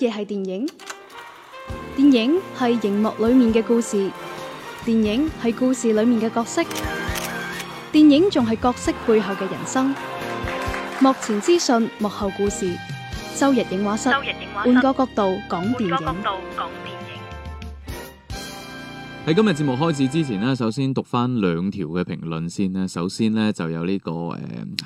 嘅係電影，電影係熒幕裏面嘅故事，電影係故事裏面嘅角色，電影仲係角色背後嘅人生。幕前資訊，幕後故事。周日影畫室，換個角度講電影。喺今日節目開始之前咧，首先讀翻兩條嘅評論先咧。首先咧就有呢、這個誒喺、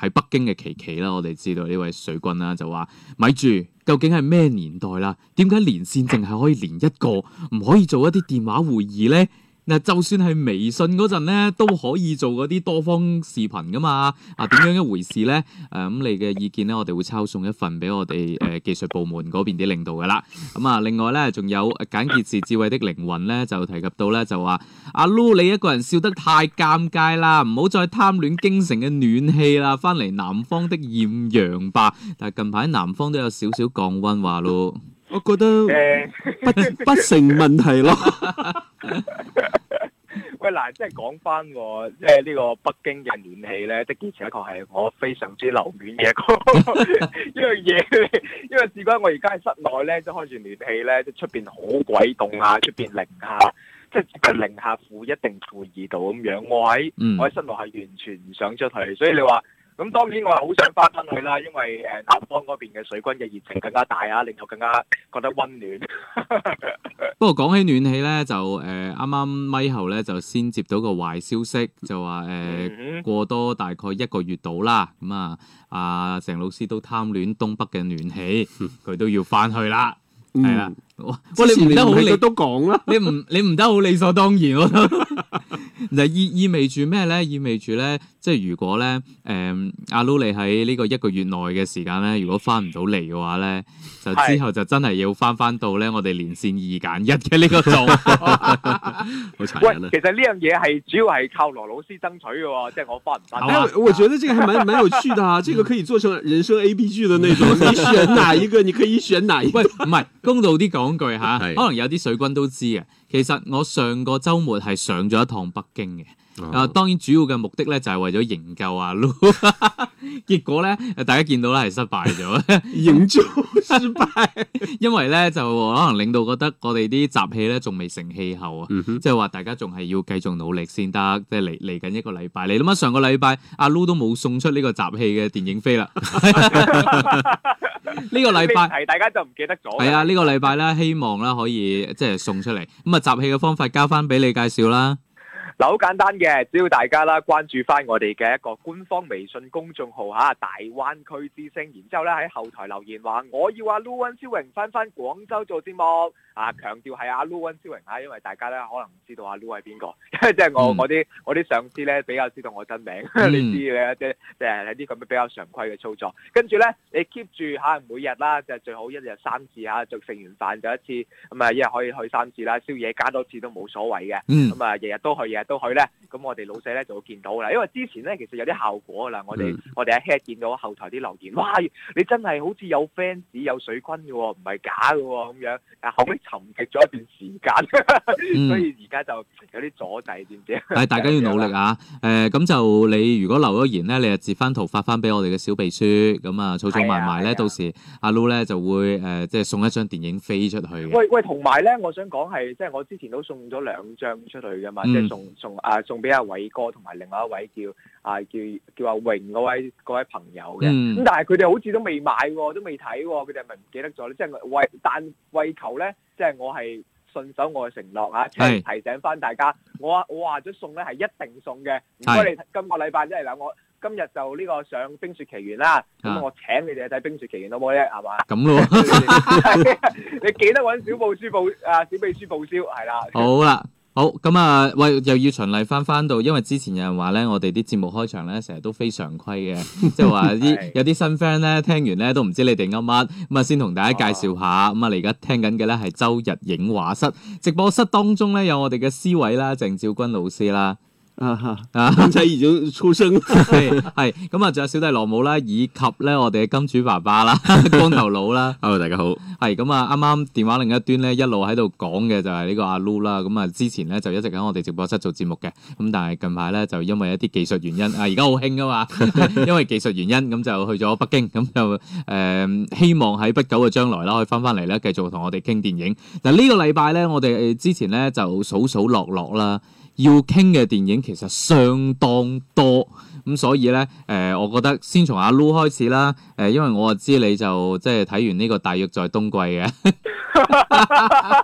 呃、北京嘅琪琪啦，我哋知道呢位水軍啦，就話：咪住，究竟係咩年代啦？點解連線淨係可以連一個，唔可以做一啲電話會議咧？嗱、啊，就算係微信嗰陣咧，都可以做嗰啲多方視頻噶嘛，啊點樣一回事咧？誒、啊、咁、嗯、你嘅意見咧，我哋會抄送一份俾我哋誒、呃、技術部門嗰邊啲領導噶啦。咁啊，另外咧仲有簡潔自智慧的靈魂咧，就提及到咧就話阿 Lu 你一個人笑得太尷尬啦，唔好再貪戀京城嘅暖氣啦，翻嚟南方的豔陽吧。但係近排南方都有少少降溫話咯。我覺得不 不，不成問題咯。 喂，嗱，即係講翻我，即係呢個北京嘅暖氣咧，的確確係我非常之留戀嘅一個一樣嘢。 因為事關我而家喺室內咧，即係開住暖氣咧，即係出邊好鬼凍啊！出邊零下，即係零下負一定負二度咁樣。我喺、嗯、我喺室內係完全唔想出去，所以你話。咁當然我係好想翻返去啦，因為誒南方嗰邊嘅水軍嘅熱情更加大啊，令到更加覺得溫暖。 不過講起暖氣咧，就誒啱啱咪後咧就先接到個壞消息，就話誒、呃嗯、哼過多大概一個月到啦。咁、嗯、啊，阿、呃、成老師都貪戀東北嘅暖氣，佢、嗯、都要翻去啦。係、嗯、啊，哇！你唔得好理都講啦，你唔你唔得好理所當然。 嗱，意意味住咩咧？意味住咧，即係如果咧，誒、嗯、阿 Lulu 喺呢個一個月內嘅時間咧，如果翻唔到嚟嘅話咧，就之後就真係要翻翻到咧，我哋連線二揀一嘅呢個度。 喂，其實呢樣嘢係主要係靠羅老師爭取嘅喎，即係我翻唔翻。但係、啊，因為我覺得這個還蠻蠻有趣的啊！這個可以做成人生 A B G 嘅那種， 你選哪一個？你可以選哪一個？唔係 公道啲講句嚇， 可能有啲水軍都知嘅。其實，我上個周末係上咗一趟北京嘅。啊，當然主要嘅目的咧就係、是、為咗營救阿 Lu， 結果咧，大家見到啦，係失敗咗營造失敗，因為咧就可能領導覺得我哋啲集氣咧仲未成氣候啊，即係話大家仲係要繼續努力先得，即係嚟嚟緊一個禮拜。你諗下，上個禮拜阿 Lu 都冇送出呢個集氣嘅電影飛啦，呢個禮拜係大家就唔記得咗，係啊，這個、呢個禮拜咧希望啦可以即係送出嚟，咁啊集氣嘅方法交翻俾你介紹啦。嗱，好簡單嘅，只要大家啦關注翻我哋嘅一個官方微信公眾號吓，大灣區之聲，然之後咧喺後台留言話，我要阿 Lou 溫超榮翻翻廣州做節目。啊，強調係阿 Loo 溫超榮啊，因為大家咧可能唔知道阿 Loo 係邊個，因為即係我、嗯、我啲我啲上司咧比較知道我真名，嗯、 你知嘅即係啲咁嘅比較常規嘅操作。跟住咧，你 keep 住嚇每日啦，就最好一日三次嚇，食、啊、完飯就一次，咁啊一日可以去三次啦，宵夜加多次都冇所謂嘅。咁、嗯嗯、啊，日日都去，日日都去咧，咁我哋老細咧就會見到啦。因為之前咧其實有啲效果噶啦，我哋我哋喺 here 見到後台啲留言，哇、嗯！你真係好似有 fans 有水軍嘅喎，唔係假嘅喎咁樣。但後尾。沉寂咗一段時間， 所以而家就有啲阻滯，知唔知啊？係 大家要努力啊！誒咁、 呃、就你如果留咗言咧，你就截翻圖發翻俾我哋嘅小秘書，咁啊，儲儲埋埋咧，啊、到時阿 Lu 咧就會誒即係送一張電影飛出去嘅。喂喂，同埋咧，我想講係即係我之前都送咗兩張出去嘅嘛，即係、嗯、送送啊送俾阿偉哥同埋另外一位叫。係叫叫阿榮嗰位嗰位朋友嘅，咁但係佢哋好似都未買，都未睇，佢哋係咪唔記得咗咧？即係為但為求咧，即係我係信守我嘅承諾啊，即係提醒翻大家，我我話咗送咧係一定送嘅，唔該你今個禮拜一嚟啦，我今日就呢個上《冰雪奇緣》啦，咁我請你哋去睇《冰雪奇緣》好唔好咧？係嘛？咁咯，你記得搵小秘書報啊，小秘書報銷係啦。好啦。好，咁啊，喂，又要循例翻翻到，因為之前有人話咧，我哋啲節目開場咧，成日都非常規嘅，即係話啲有啲新 friend 咧，聽完咧都唔知你哋噏乜，咁、嗯、啊先同大家介紹下，咁啊你而家聽緊嘅咧係周日影畫室直播室當中咧，有我哋嘅 C 位啦，鄭照君老師啦。啊哈！阿仔已經出生係，係咁啊，仲、啊、 有小弟羅姆啦，以及咧我哋嘅金主爸爸啦，光頭佬啦。Hello， 大家好。係咁啊，啱啱電話另一端咧，一路喺度講嘅就係呢個阿 Lo 啦。咁啊，之前咧就一直喺我哋直播室做節目嘅。咁但係近排咧就因為一啲技術原因 啊，而家好興啊嘛，因為技術原因咁就去咗北京。咁就誒，希望喺不久嘅將來啦，可以翻翻嚟咧，繼續同我哋傾電影。嗱呢個禮拜咧，我哋之前咧就數數落落啦。要傾嘅電影其實相當多，咁所以咧，誒、呃，我覺得先從阿 Lu 開始啦，誒、呃，因為我啊知你就即係睇完呢個大《大約在冬季》嘅，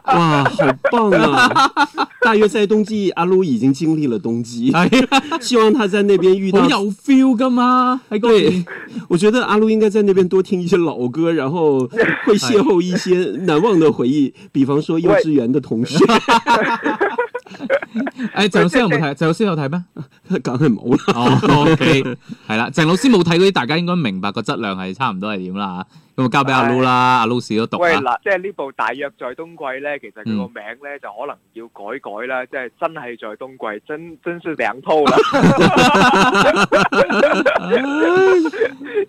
哇，好棒啊，《大約在冬季》，阿 Lu 已經經歷了冬季， 希望他在那邊遇到 有 feel 噶嘛， 對，我覺得阿 Lu 應該在那邊多聽一些老歌，然後會邂逅一些難忘的回憶，比方說幼稚園的同學。誒，鄭老師有冇睇？鄭老師有睇咩？梗係冇啦。O K，係啦，鄭老師冇睇嗰啲，大家應該明白個質量係差唔多係點啦吓。咁啊，交俾阿 Luc 啦，阿 Luc 士都讀啦。即係呢部《大約在冬季》咧，其實佢個名咧就可能要改改啦。即係真係在冬季，真真是兩套啦。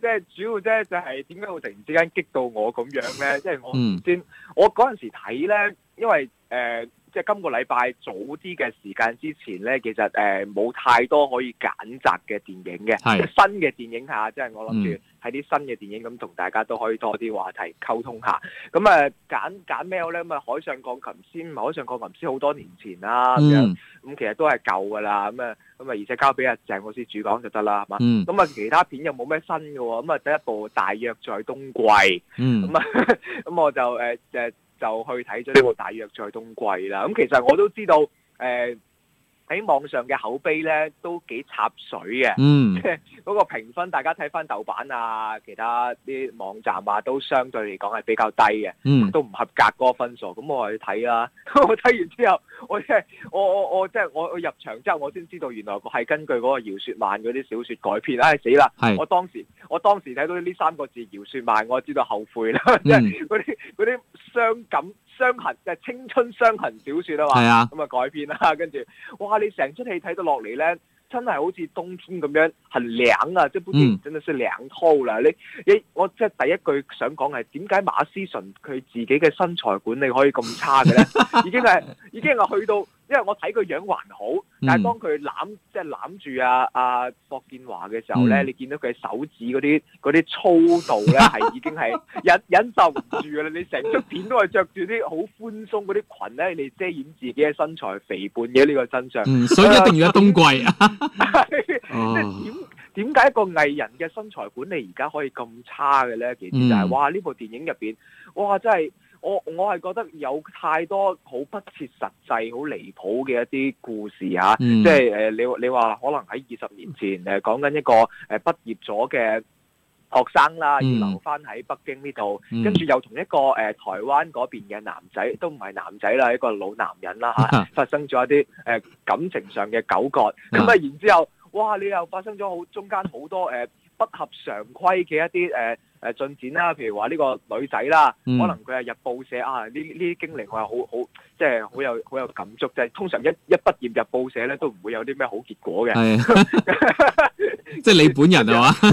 即係主要即係就係點解會突然之間激到我咁樣咧？即係我唔知，我嗰陣時睇咧，因為，誒。即係今個禮拜早啲嘅時間之前咧，其實誒冇太多可以揀擇嘅電影嘅，即新嘅電影下，即係我諗住喺啲新嘅電影，咁同大家都可以多啲話題溝通下、呃。咁誒揀揀咩好咧？咁啊《海上鋼琴師》，《海上鋼琴師》好多年前啦，咁、嗯、其實都係舊噶啦。咁啊咁啊，而且交俾阿鄭老師主講就得啦，係嘛？咁啊其他片又冇咩新嘅喎。咁啊第一部《大約在冬季》，咁啊咁我就誒誒。呃呃呃就去睇咗呢個《大約在冬季》啦。咁其實我都知道，誒、呃、喺網上嘅口碑咧都幾插水嘅。嗯，即係嗰個評分，大家睇翻豆瓣啊，其他啲網站啊，都相對嚟講係比較低嘅。 都唔合格嗰個分數。咁我去睇啦， 我睇完之後。我即係我我我即係我我入場之後，我先知道原來係根據嗰個《饒雪漫》嗰啲小説改編，唉死啦！我當時我當時睇到呢三個字《饒雪漫》，我就知道後悔啦，嗯、即係嗰啲啲傷感傷痕，即係青春傷痕小説啊嘛，咁啊改編啦，跟住哇，你成出戲睇到落嚟咧～真係好似冬天咁樣，係涼啊！即係本真係算兩套啦。你你我即係第一句想講係點解馬思純佢自己嘅身材管理可以咁差嘅咧？已經係已經係去到。因為我睇佢樣還好，但係當佢攬即係攬住阿阿霍建華嘅時候咧，嗯、你見到佢手指嗰啲啲粗度咧，係已經係 忍忍受唔住噶啦。你成出片都係着住啲好寬鬆嗰啲裙咧，你遮掩自己嘅身材肥胖嘅呢個身上、嗯。所以一定要喺冬季啊！即係點點解一個藝人嘅身材管理而家可以咁差嘅咧？其實就係、是、哇，呢部電影入邊，哇真係～真我我係覺得有太多好不切實際、好離譜嘅一啲故事嚇、啊，嗯、即係誒、呃、你你話可能喺二十年前誒、呃、講緊一個誒、呃、畢業咗嘅學生啦，嗯、要留返喺北京呢度，嗯、跟住又同一個誒、呃、台灣嗰邊嘅男仔，都唔係男仔啦，一個老男人啦嚇，發生咗一啲誒、呃、感情上嘅糾葛，咁啊、嗯嗯、然之後，後，哇！你又發生咗好中間好多誒～、呃不合常規嘅一啲誒誒進展啦，譬如話呢個女仔啦，嗯、可能佢係日報社啊，呢呢啲經歷我係好好即係好有好有感觸，就係通常一一畢業日報社咧都唔會有啲咩好結果嘅， 即係你本人係嘛？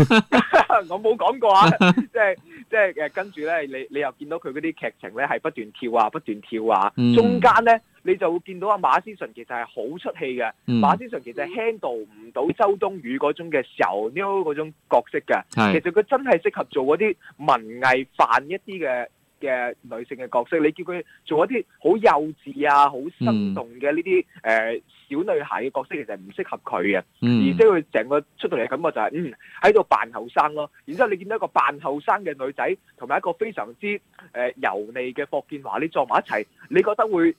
我冇講過啊，即係。即係誒，跟住咧，你你又見到佢嗰啲劇情咧係不斷跳啊，不斷跳啊，嗯、中間咧你就會見到阿馬思純其實係好出戲嘅，嗯、馬思純其實 handle 唔到周冬雨嗰種嘅柔 new 嗰種角色嘅，嗯、其實佢真係適合做嗰啲文藝範一啲嘅。嘅女性嘅角色，你叫佢做一啲好幼稚啊、好生動嘅呢啲誒小女孩嘅角色，其實唔適合佢嘅，而且佢成個出到嚟嘅感覺就係嗯喺度扮後生咯。然之後你見到一個扮後生嘅女仔，同埋一個非常之誒油膩嘅霍建華，你撞埋一齊，你覺得會？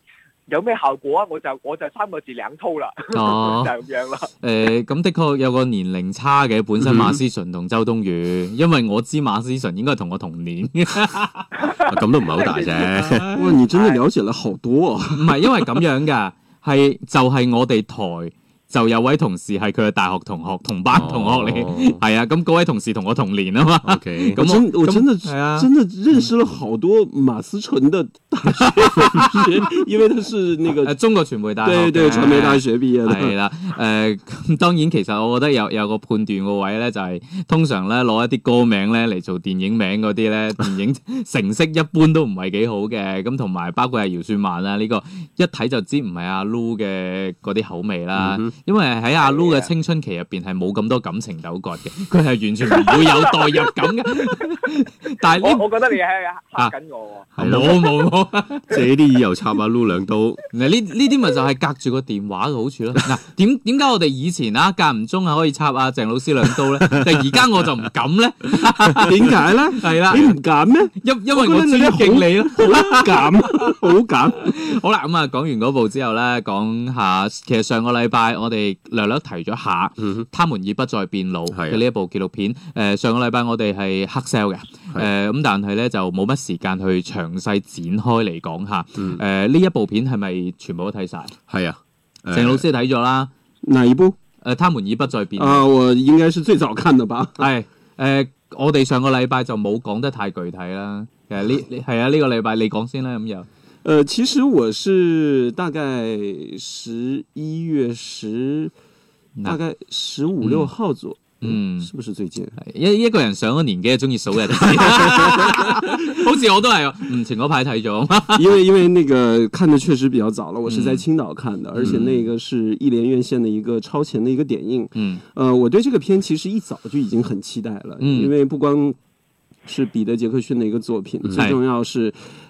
有咩效果啊？我就我就三個字兩套啦，哦、 就咁樣啦。誒、呃，咁的確有個年齡差嘅，本身馬思純同周冬雨，嗯、因為我知馬思純應該係同我同年，咁都唔係好大啫。哎、哇！你真係了解咗好多啊！唔係、哎、因為咁樣嘅，係 就係、係、我哋台，就有位同事係佢嘅大學同學、同班同學嚟，係、哦哦、 啊，咁嗰位同事同我同年啊嘛。咁 Okay,、嗯、我我真係、嗯、真係認識咗好多馬思純嘅大學同學， 因為都是呢、那個、啊、中國傳媒大學，對對，傳媒大學畢業的。誒、呃，當然其實我覺得有有個判斷個位咧、就是，就係通常咧攞一啲歌名咧嚟做電影名嗰啲咧，電影成色一般都唔係幾好嘅。咁同埋包括係姚雪曼啦、啊，呢、這個一睇就知唔係阿 Loo 嘅嗰啲口味啦。嗯因為喺阿 Lu 嘅青春期入邊係冇咁多感情糾葛嘅，佢係完全唔會有代入感嘅。但係我我覺得你係嚇緊我喎。冇冇冇，借啲意插阿 Lu 兩刀。呢呢啲咪就係隔住個電話嘅好處咯。嗱，點點解我哋以前啊間唔中啊可以插下鄭老師兩刀咧？但係而家我就唔敢咧。點解咧？係啦，點唔敢咧？因因為我尊敬你咯，好敢，好敢。好啦，咁啊講完嗰部之後咧，講下其實上個禮拜我。我哋略略提咗下，他們已不再變老嘅呢一部紀錄片。誒、呃，上個禮拜我哋係黑 sell 嘅，誒、呃，咁但係咧就冇乜時間去詳細展開嚟講下誒，呢、呃、一部片係咪全部都睇晒？係啊，鄭、呃、老師睇咗啦。嗱，第二部，誒、呃，他們已不再變老。啊、哦，我應該是最早看的吧？係、 呃，誒、呃，我哋上個禮拜就冇講得太具體啦。其實呢，係 啊，呢、這個禮拜你講先啦，咁又。呃，其實我是大概十一月十、no.，大概十五六號左。嗯、mm.，是不是最近？因為一個人上了年紀，就中意數人。 好似我都係哦。嗯，前嗰排睇咗。 因為因為那個看的確實比較早了，我是在青島看的，mm. 而且那個是藝聯院線的一個超前的一個點映。嗯、mm.。呃，我對這個片其實一早就已經很期待了，mm. 因為不光是彼得·傑克遜的一個作品，mm. 最重要是。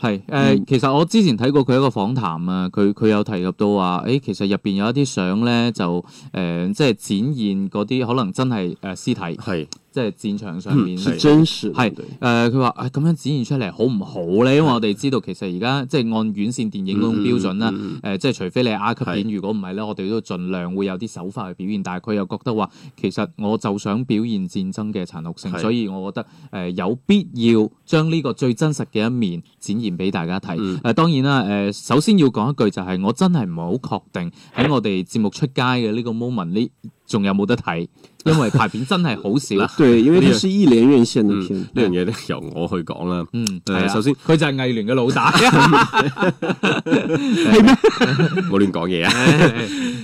係誒、呃，其實我之前睇過佢一個訪談啊，佢佢有提及到話，誒、欸，其實入邊有一啲相咧，就、呃、誒，即係展現嗰啲可能真係誒、呃、屍體，是即係戰場上面，真實係誒，佢話誒咁樣展現出嚟好唔好咧？因為我哋知道其實而家即係按院線電影嗰種標準啦，誒、嗯嗯呃，即係除非你係 R 級片，是如果唔係咧，我哋都盡量會有啲手法去表現。是但係佢又覺得話，其實我就想表現戰爭嘅殘酷性，是所以我覺得誒、呃、有必要將呢個最真實嘅一面展現。俾大家睇誒、呃，當然啦誒、呃，首先要講一句就係我真係唔係好確定喺我哋節目出街嘅呢個 moment 呢，仲有冇得睇？因為排片真係好少啦。 對，因為呢是一連線嘅片，呢樣嘢咧由我去講啦。嗯首先、 欸，首先，佢就係藝聯嘅老大，冇亂講嘢啊！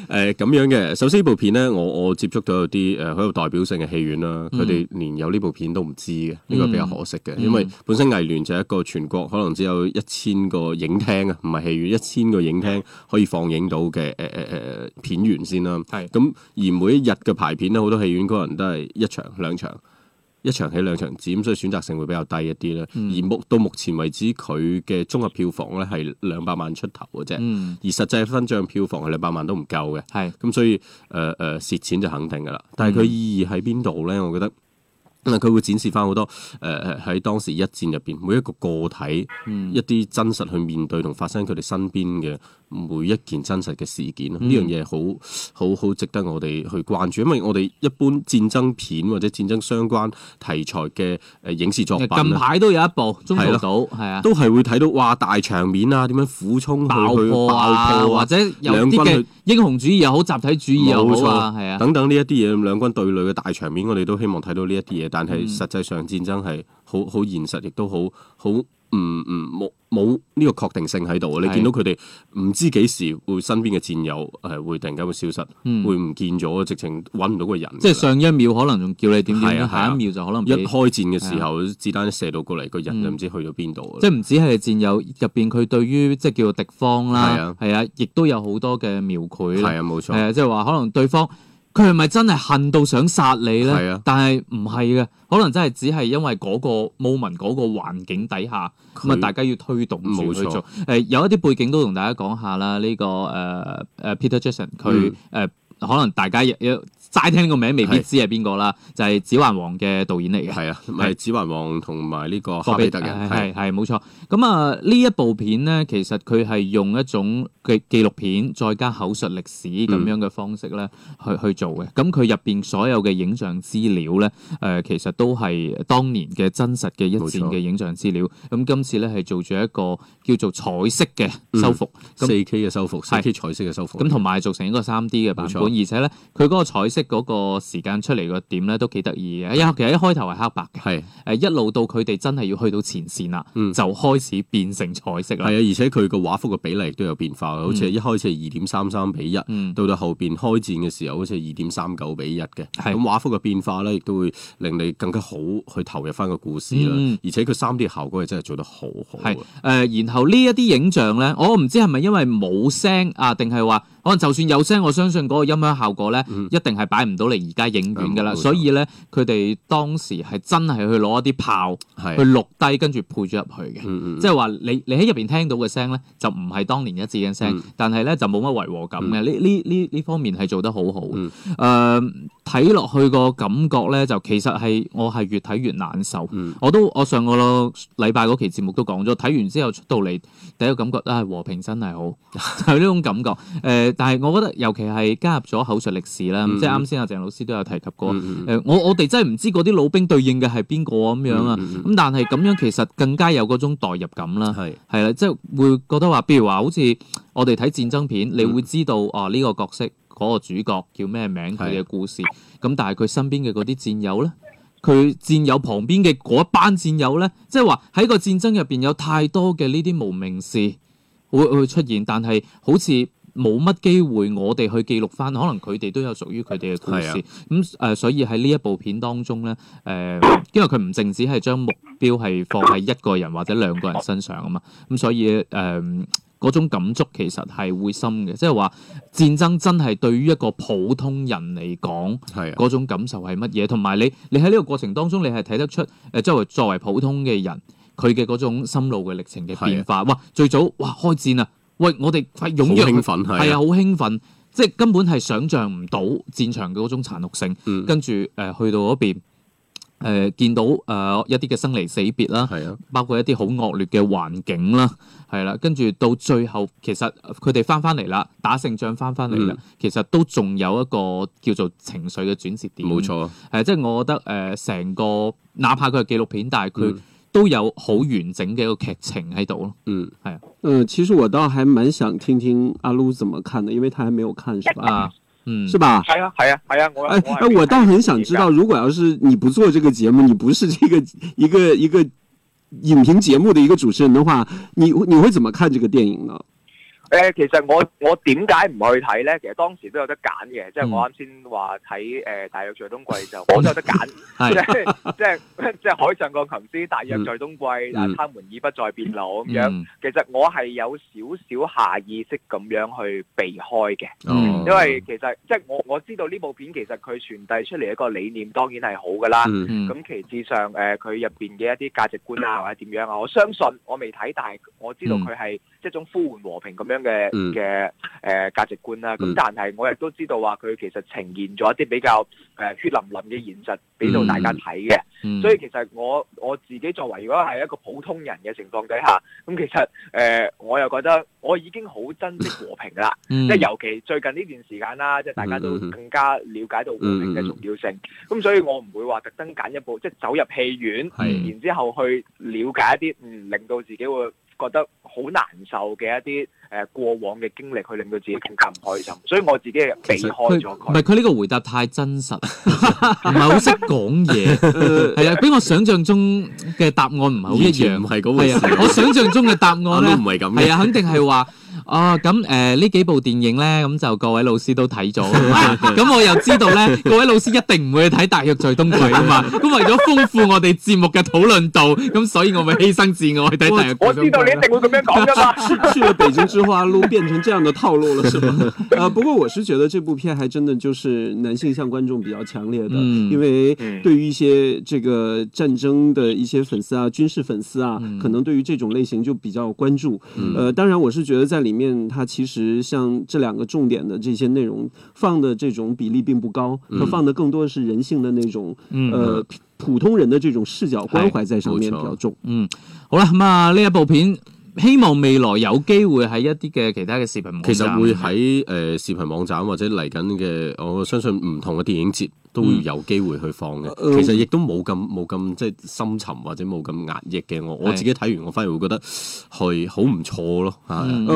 誒，咁樣嘅，首先呢部片咧，我我接觸到有啲誒好有代表性嘅戲院啦，佢哋、嗯、連有呢部片都唔知嘅，呢個、嗯、比較可惜嘅，嗯、因為本身藝聯就係一個全國可能只有一千個影廳啊，唔係戲院，一千個影廳可以放映到嘅誒誒誒片源先啦。係咁的，而每一日嘅排片咧，好多戲院個人都係一場兩場，一場起兩場止，所以選擇性會比較低一啲啦。嗯、而目到目前為止，佢嘅綜合票房咧係兩百萬出頭嘅啫。嗯、而實際分賬票房係兩百萬都唔夠嘅。係咁是，所以誒誒蝕錢就肯定噶啦。但係佢意義喺邊度咧？我覺得，佢會展示翻好多誒誒喺當時一戰入邊每一個個體、嗯、一啲真實去面對同發生佢哋身邊嘅。每一件真實嘅事件呢樣嘢好好好值得我哋去關注，因為我哋一般戰爭片或者戰爭相關題材嘅誒影視作品，近排都有一部《中途島》，係啊，都係會睇到哇大場面啊，點樣俯衝爆破啊，或者有啲嘅英雄主義又好，集體主義又好啊，係啊，等等呢一啲嘢，兩軍對壘嘅大場面，我哋都希望睇到呢一啲嘢，但係實際上戰爭係好好現實，亦都好好。唔唔冇冇呢個確定性喺度啊！你見到佢哋唔知幾時會，身邊嘅戰友誒，會突然間會消失，嗯、會唔見咗，直情揾唔到個人。即係上一秒可能仲叫你點點，啊啊、下一秒就可能一開戰嘅時候，啊、子彈射到過嚟，個人就唔知去咗邊度。即係唔止係戰友入邊，佢對於即係叫做敵方啦，係啊，亦、啊、都有好多嘅描繪。係啊，冇錯。係啊，即係話可能對方。佢係咪真係恨到想殺你咧？是啊、但係唔係嘅，可能真係只係因為嗰個 moment 嗰個環境底下咁啊，他 大家要推動好沒錯 去做。誒、呃，有一啲背景都同大家講下啦。呢、這個誒誒、呃、Peter Jackson，佢誒、嗯呃、可能大家有。齋聽呢個名未必知係邊個啦，就係《指環王》嘅導演嚟嘅。係啊，係《指環王》同埋呢個哈比特嘅。係係冇錯。咁啊，呢一部片咧，其實佢係用一種嘅紀錄片再加口述歷史咁樣嘅方式咧，去去做嘅。咁佢入邊所有嘅影像資料咧，誒、其實都係當年嘅真實嘅一戰嘅影像資料。咁今次咧係做咗一個叫做彩色嘅修復，四 K 嘅修復，四 K 彩色嘅修復。咁同埋做成一個三 D 嘅版本，而且咧佢嗰個彩色。嗰個時間出嚟個點咧都幾得意嘅，因為其實一開頭係黑白嘅，誒是一路到佢哋真係要去到前線啦，嗯、就開始變成彩色啦。係啊，而且佢個畫幅嘅比例亦都有變化，好似，嗯、一開始係二點三三比一，嗯，到到後邊開戰嘅時候好似係二點三九比一嘅的。咁畫幅嘅變化咧，亦都會令你更加好去投入翻個故事啦。嗯、而且佢三 D 效果係真係做得好好。係，呃、然後呢一啲影像咧，我唔知係咪因為冇聲啊，定係話？可能就算有聲，我相信嗰個音響效果咧，一定係擺唔到嚟而家影院㗎啦。所以咧，佢哋當時係真係去攞一啲炮去錄低，跟住配咗入去嘅。即係話你你喺入邊聽到嘅聲咧，就唔係當年一致嘅聲，但係咧就冇乜違和感嘅。呢呢呢呢方面係做得好好。誒，睇落去個感覺咧，就其實係我係越睇越難受。我都我上個禮拜嗰期節目都講咗，睇完之後出到嚟第一個感覺都係和平真係好，就係呢種感覺誒。但係，我覺得尤其係加入咗口述歷史啦，即係啱先阿鄭老師都有提及過。誒、嗯嗯呃，我我哋真係唔知嗰啲老兵對應嘅係邊個咁樣啊？咁但係咁樣其實更加有嗰種代入感啦。係係啦，即係、就是、會覺得話，譬如話，好似我哋睇戰爭片，你會知道、嗯、啊呢、這個角色嗰、那個主角叫咩名，佢嘅故事。咁是但係佢身邊嘅嗰啲戰友咧，佢戰友旁邊嘅嗰一班戰友咧，即係話喺個戰爭入邊有太多嘅呢啲無名士會會出現，但係好似。冇乜機會，我哋去記錄返，可能佢哋都有屬於佢哋嘅故事。咁誒的、嗯呃，所以喺呢一部片當中咧，誒、呃，因為佢唔淨止係將目標係放喺一個人或者兩個人身上啊嘛。咁、嗯、所以誒，嗰、呃、種感觸其實係會深嘅，即係話戰爭真係對於一個普通人嚟講，嗰的種感受係乜嘢？同埋你，你喺呢個過程當中，你係睇得出誒，即、呃、係作，作為普通嘅人，佢嘅嗰種心路嘅歷程嘅變化。的哇，最早哇，開戰啊！喂，我哋快湧入去係啊，好興奮，即係根本係想象唔到戰場嘅嗰種殘酷性。跟住誒去到嗰邊，誒、呃、見到誒、呃、一啲嘅生離死別啦，嗯、包括一啲好惡劣嘅環境啦，係啦。跟住到最後，其實佢哋翻翻嚟啦，打勝仗翻翻嚟啦，嗯、其實都仲有一個叫做情緒嘅轉折點。冇錯，誒、嗯呃、即係我覺得誒成、呃呃、個，哪怕佢係紀錄片，但係佢、嗯。都有好完整嘅一個劇情喺度，嗯，係啊，嗯，其實我倒還蠻想聽聽阿擼怎麼看的，因為他還沒有看，是吧？啊，嗯，是吧？係啊，係啊，係啊，我，誒、哎哎，我倒很想知道，如果要是你不做這個節目，你不是這個一個一個影評節目的一個主持人的話，你你會怎麼看這個電影呢？誒，其實我我點解唔去睇咧？其實當時都有得揀嘅，即係我啱先話睇誒《大約在冬季》就我都有得揀，即係即係即係《海上鋼琴師》、《大約在冬季》啊，他們已不再變老咁樣。其實我係有少少下意識咁樣去避開嘅，因為其實即係我我知道呢部片其實佢傳遞出嚟一個理念當然係好㗎啦。咁其次上誒佢入邊嘅一啲價值觀啊，或者點樣啊，我相信我未睇，但係我知道佢係一種呼喚和平咁樣。嘅嘅誒價值觀啦，咁、嗯嗯、但係我亦都知道話佢其實呈現咗一啲比較誒血淋淋嘅現實俾到大家睇嘅，嗯嗯、所以其實我我自己作為如果係一個普通人嘅情況底下，咁其實誒、呃、我又覺得我已經好珍惜和平啦，即係、嗯、尤其最近呢段時間啦，即係大家都更加了解到和平嘅重要性，咁、嗯嗯、所以我唔會話特登揀一部即係、就是、走入戲院，嗯、然之後去了解一啲，嗯，令到自己會覺得好難受嘅一啲誒過往嘅經歷，去令到自己更加唔開心。所以我自己係避開咗佢。唔係佢呢個回答太真實，唔係好識講嘢。係啊，俾我想象中嘅答案唔係好一樣，係嗰回事，啊。我想象中嘅答案都唔係咁。係啊，肯定係話。哦，咁誒呢幾部電影呢，咁、嗯、就各位老師都睇咗，咁我又知道呢，各位老師一定唔會去睇《大約在冬季》啊、嗯、嘛，咁為咗豐富我哋節目嘅討論度，咁所以我咪犧牲自我去睇《大約在冬我知道你一定會咁樣講噶啦，穿個肥豬豬花碌，邊人仲將我套落嚟啊？不過我是覺得這部片還真的就是男性向觀眾比較強烈嘅，因為對於一些這個戰爭嘅一些粉絲啊，軍事粉絲啊，可能對於這種類型就比較關注。誒，當然我是覺得在里。裏面，它其實像這兩個重點的這些內容放的這種比例並不高，嗯、它放的更多是人性的那種，嗯、呃、普通人的這種視角關懷在上面沒錯，比較重。嗯，好啦，咁啊呢一部片，希望未來有機會喺一啲嘅其他嘅視頻網站，其實會喺誒視頻網站或者嚟緊嘅，我相信唔同嘅電影節都會有機會去放嘅，其實亦都冇咁，冇咁即係深沉或者冇咁壓抑嘅，我我自己睇完我反而會覺得係好唔錯咯，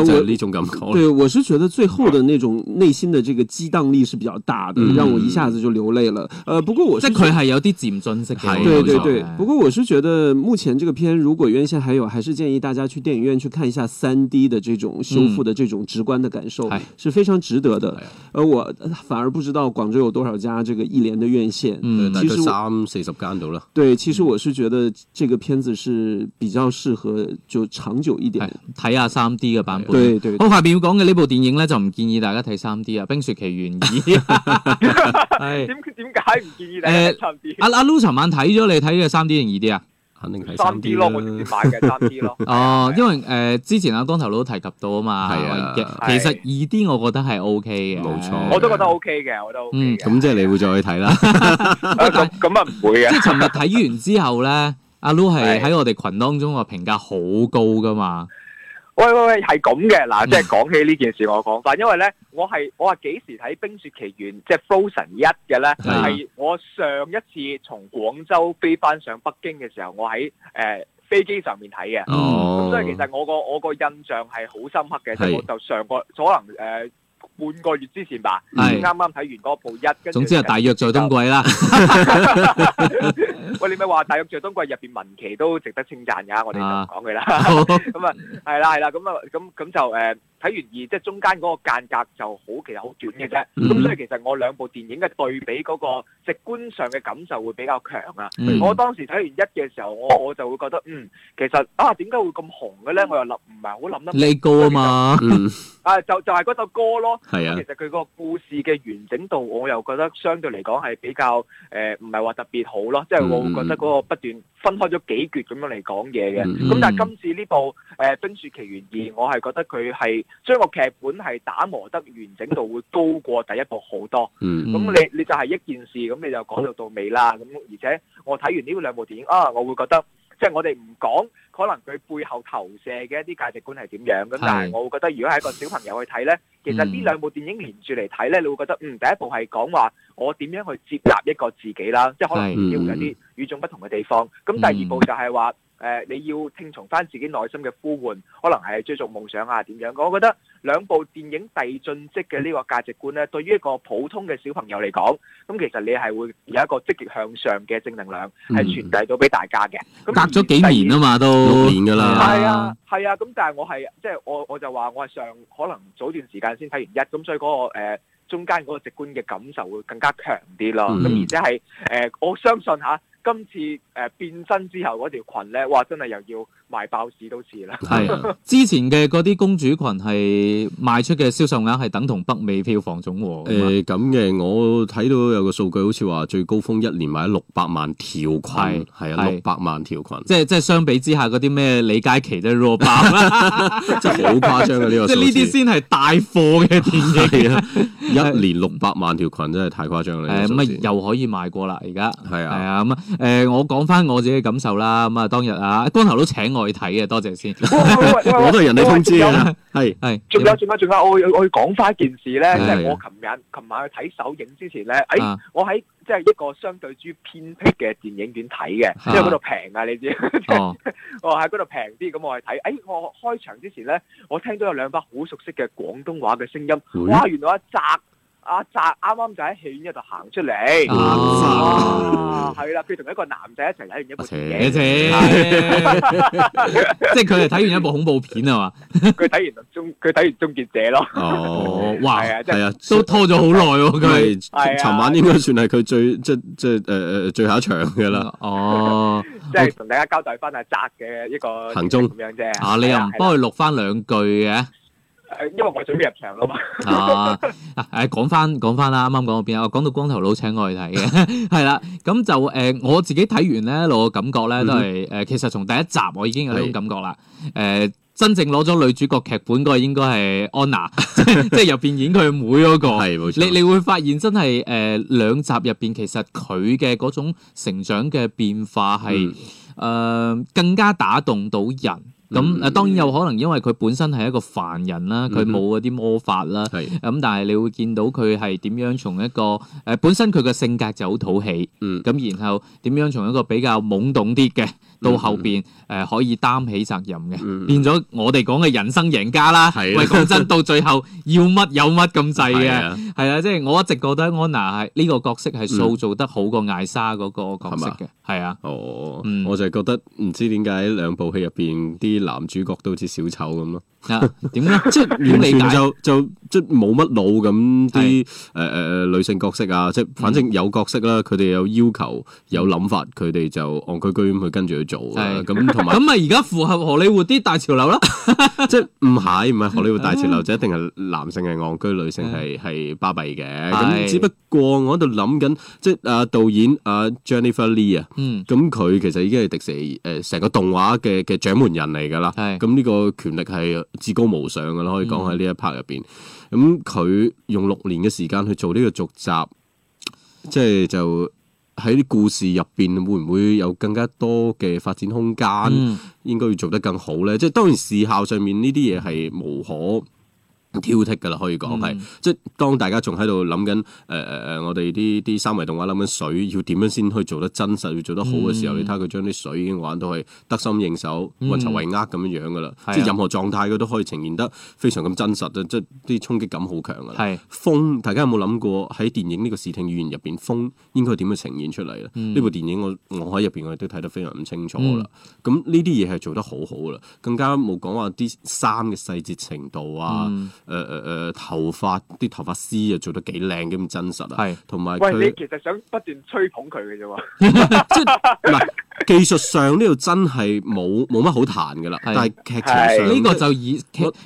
就係呢種感覺。對，我是覺得最後的那種內心的這個激盪力是比較大的，讓我一下子就流淚了。呃，不過我即係佢係有啲漸進式嘅，對對對。不過我是覺得目前這個片，如果院線還有，還是建議大家去電影院去看一下三 D 的這種修復的這種直觀的感受是非常值得的。而我反而不知道廣州有多少家這個一年的院線，嗯，大概三四十間到啦。對，其實我是覺得這個片子是比較適合就長久一點，睇下三 D 嘅版本。對對，對。好，下邊要講嘅呢部電影咧，就唔建議大家睇三 D 啊，《冰雪奇緣二》。點點解唔建議大家睇三 D？阿阿 Lucy 尋晚睇咗，你睇嘅三 D 定二 D 啊？肯定係三 D 咯，我買嘅三 D 咯。哦，因為誒，之前阿當頭佬提及到啊嘛，係啊，其實二 D 我覺得係 O K 嘅，冇錯。我都覺得 O K 嘅，我都。嗯，咁即係你會再去睇啦。咁咁啊，唔會嘅。即係尋日睇完之後咧，阿 Lu 係喺我哋群當中話評價好高噶嘛。喂喂喂，係咁嘅嗱，即係講起呢件事我講翻。 因為咧我係我係幾時睇《冰雪奇緣》即係 Frozen 一嘅咧，係、啊、我上一次從廣州飛翻上北京嘅時候，我喺誒、呃、飛機上面睇嘅，咁、哦、所以其實我個我個印象係好深刻嘅，是就我就上個可能誒。呃半個月之前吧，啱啱睇完嗰、那、部、個、一，總之係大約在冬季啦。喂，你咪話大約在冬季入邊文淇都值得稱讚噶，我哋就唔講佢啦。咁啊，係啦係啦，咁啊，咁咁就誒。呃睇完二，即係中間嗰個間隔就好，其實好短嘅啫。咁所以其實我兩部電影嘅對比嗰個直觀上嘅感受會比較強啊。我當時睇完一嘅時候，我我就會覺得，嗯，其實啊，點解會咁紅嘅咧？我又諗唔係好諗得。呢歌啊嘛，啊就就係嗰首歌咯。係啊，其實佢個故事嘅完整度，我又覺得相對嚟講係比較誒唔係話特別好咯。即係我會覺得嗰個不斷分開咗幾段咁樣嚟講嘢嘅。咁但係今次呢部誒《冰雪奇緣二》，我係覺得佢係。將個劇本係打磨得完整度會高過第一部好多。咁、嗯、你你就係一件事，咁你就講到到尾啦。咁而且我睇完呢兩部電影，啊，我會覺得即係、就是、我哋唔講可能佢背後投射嘅一啲價值觀係點樣。咁是但係我會覺得如果係一個小朋友去睇呢，其實呢兩部電影連住嚟睇呢，你會覺得嗯，第一部係講話我點樣去接納一個自己啦，即係可能要會有啲與眾不同嘅地方。咁第二部就係話。誒、呃，你要聽從翻自己內心嘅呼喚，可能係追逐夢想啊，點樣？我覺得兩部電影遞進式嘅呢個價值觀咧，嗯、對於一個普通嘅小朋友嚟講，咁其實你係會有一個積極向上嘅正能量，係傳遞到俾大家嘅。嗯、是隔咗幾年啊嘛，都幾年噶啦。係、嗯、啊，係啊。咁但係我係即係我，我就話我係上可能早段時間先睇完一，咁所以嗰、那個誒、呃、中間嗰個直觀嘅感受會更加強啲咯。咁、嗯嗯嗯、而且係誒、呃，我相信吓。今次誒變身之後嗰條裙咧，哇！真係又要賣爆市都似啦。係啊，之前嘅嗰啲公主裙係賣出嘅銷售額係等同北美票房總和。誒咁嘅，我睇到有個數據，好似話最高峰一年賣六百萬條裙，係啊，六百萬條裙。即係即係相比之下，嗰啲咩李佳琦都弱爆啦，即係好誇張嘅呢個。即係呢啲先係帶貨嘅電影，一年六百萬條裙真係太誇張啦。誒乜又可以賣過啦？而家係啊係啊咁啊！誒，我講翻我自己嘅感受啦。咁啊，當日啊，光頭佬請我去睇嘅，多謝先。我都係人哋通知嘅。係係。仲有仲有仲有，我我講翻一件事咧，即係我琴日琴晚去睇首映之前咧，誒，我喺即係一個相對之偏僻嘅電影院睇嘅，即係嗰度平啊，你知。哦。我喺嗰度平啲，咁我去睇。誒，我開場之前咧，我聽到有兩把好熟悉嘅廣東話嘅聲音。哇，原來一扎。阿澤啱啱，就喺戲院嗰度行出嚟。係啦，佢同一個男仔一齊睇完一部嘢啫，即係佢係睇完一部恐怖片啊嘛，佢睇完終，佢睇完終結者咯，哦，哇，係啊，都拖咗好耐喎，佢係尋晚應該算係佢最即係即係誒誒最後一場嘅啦，哦，即係同大家交代翻阿澤嘅一個行蹤咁樣啫，啊，你又唔幫佢錄翻兩句嘅？因為我準備入場囉嘛。啊，誒，講翻講翻啦，啱啱講到邊啊？我講到光頭佬請我去睇嘅，係啦。 咁就誒、呃，我自己睇完咧，我感覺咧都係誒、呃，其實從第一集我已經有呢種感覺啦。誒的、呃，真正攞咗女主角劇本，應該應該係安娜，即係入邊演佢妹嗰、嗰個。係冇錯。你你會發現真係誒，兩、呃、集入邊其實佢嘅嗰種成長嘅變化係誒、 呃，更加打動到人。咁誒當然有可能，因為佢本身係一個凡人啦，佢冇嗰啲魔法啦。係咁是，但係你會見到佢係點樣從一個誒、呃、本身佢嘅性格就好討喜，咁、嗯、然後點樣從一個比較懵懂啲嘅，到後邊誒、呃、可以擔起責任嘅，嗯、哼變咗我哋講嘅人生贏家啦。係喂、啊，講真，到最後要乜有乜咁滯嘅，係啊，即係、啊啊就是、我一直覺得安娜係呢個角色係塑造得好過艾莎嗰個角色嘅。係、oh, 啊，哦、oh,，我就係覺得唔知點解兩部戲入邊啲。啲男主角都好似小丑咁咯。啊，點咧？即係完全就就即係冇乜腦咁啲誒誒誒女性角色啊！即係反正有角色啦，佢哋有要求，有諗法，佢哋就戇居居咁去跟住去做。咁同埋咁咪而家符合荷里活啲大潮流啦！即係唔係唔係荷里活大潮流，就一定係男性係戇居，女性係係巴閉嘅。咁只不過我喺度諗緊，即係阿導演阿 Jennifer Lee 啊，咁佢其實已經係迪士尼誒成個動畫嘅嘅掌門人嚟噶啦。咁呢個權力係。至高無上噶啦，可以講喺呢一 part 入邊。咁、嗯、佢、嗯、用六年嘅時間去做呢個續集，即係就喺啲故事入邊會唔會有更加多嘅發展空間？嗯、應該要做得更好咧。即係當然視效上面呢啲嘢係無可。挑剔噶啦，可以講係、嗯、即係當大家仲喺度諗緊誒誒誒，我哋啲啲三維動畫諗緊水要點樣先可以做得真實，要做得好嘅時候，嗯、你睇下佢將啲水已經玩到係得心應手、運籌帷幄咁樣樣噶啦，嗯、即任何狀態佢都可以呈現得非常咁真實啊！即啲衝擊感好強啊！嗯、風，大家有冇諗過喺電影呢個視聽語言入邊風應該點樣呈現出嚟咧？呢、嗯、部電影我面我喺入邊我哋都睇得非常咁清楚啦。咁呢啲嘢係做得好好啦，更加冇講話啲衫嘅細節程度啊。嗯誒誒誒，頭髮啲頭髮絲又做得幾靚咁真實啊！係是，同埋喂，你其實想不斷吹捧佢嘅啫喎，即係唔係？技術上呢度真係冇冇乜好彈噶啦，的但係劇情上呢的個就已，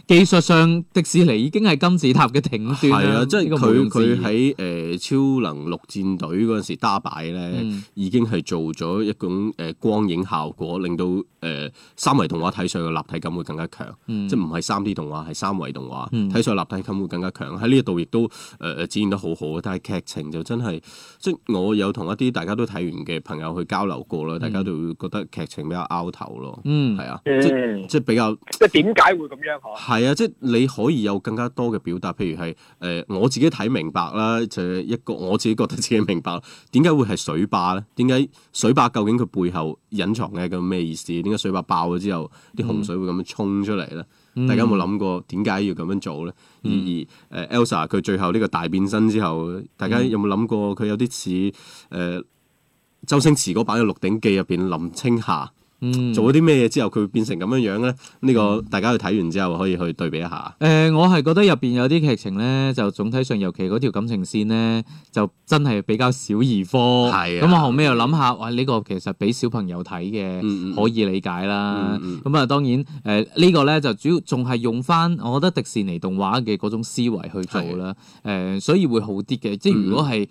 技術上我迪士尼已經係金字塔嘅頂端係啊，即係佢佢喺誒超能陸戰隊嗰陣時打擺咧，已經係做咗一種誒光影效果，令到誒、呃、三維動畫睇上嘅立體感會更加強。嗯、即唔係三 D 動畫係三維動畫，睇上立體感會更加強。喺呢一度亦都誒展現得好好，但係劇情就真係，即我有同一啲大家都睇完嘅朋友去交流過啦，大家。我就會覺得劇情比較拗頭咯，嗯，係啊，即係比較，即點解會咁樣嗬？係啊，即你可以有更加多嘅表達，譬如係誒、呃，我自己睇明白啦，就是，一個我自己覺得自己明白，點解會係水壩咧？點解水壩，究竟佢背後隱藏嘅咁咩意思？點解水壩爆咗之後，啲洪水會咁樣衝出嚟咧？嗯、大家有冇諗過點解要咁樣做咧？嗯、而而誒、呃、Elsa 佢最後呢個大變身之後，大家有冇諗過佢有啲似誒？呃周星馳嗰版嘅《鹿鼎記》入邊，林青霞做咗啲咩嘢之後，佢會變成咁樣樣咧？呢個大家去睇完之後，可以去對比一下。誒，我係覺得入邊有啲劇情咧，就總體上，尤其嗰條感情線咧，就真係比較小兒科。係。咁我後尾又諗下，哇！呢個其實俾小朋友睇嘅可以理解啦。咁啊，當然，誒呢個咧就主要仲係用翻，我覺得迪士尼動畫嘅嗰種思維去做啦。誒，所以會好啲嘅。即係如果係。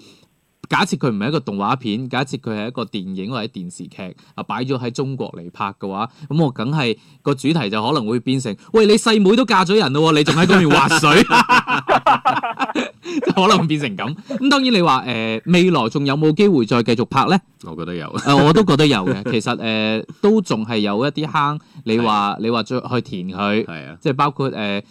假設佢唔係一個動畫片，假設佢係一個電影或者電視劇啊，擺咗喺中國嚟拍嘅話，咁我梗係個主題就可能會變成，喂，你細妹，妹都嫁咗人咯，你仲喺嗰邊滑水， 可能變成咁。咁當然你話誒、呃、未來仲有冇機會再繼續拍咧？我覺得有、呃，誒我都覺得有嘅。 其實誒、呃、都仲係有一啲坑，你話 你話再去填佢，係啊，即係包括誒。呃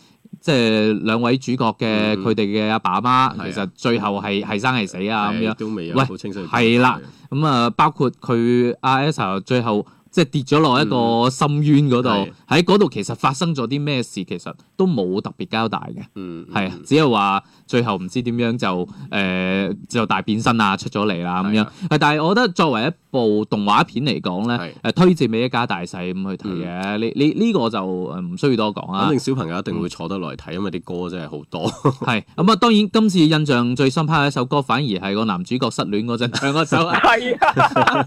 即係兩位主角嘅佢哋嘅阿爸阿媽，嗯、其實最後係係、啊、生係死啊咁樣，喂，未好清晰，係啦，咁啊包括佢阿 S 最後。即係跌咗落一個深淵嗰度，喺嗰度其實發生咗啲咩事，其實都冇特別交代嘅，係啊，只係話最後唔知點樣就誒就大變身啊出咗嚟啦咁樣。但係我覺得作為一部動畫片嚟講咧，推薦俾一家大細咁去睇嘅。你你呢個就唔需要多講啊。小朋友一定會坐得落嚟睇，因為啲歌真係好多。係咁啊，當然今次印象最深刻嘅一首歌，反而係個男主角失戀嗰陣唱嗰首。係啊，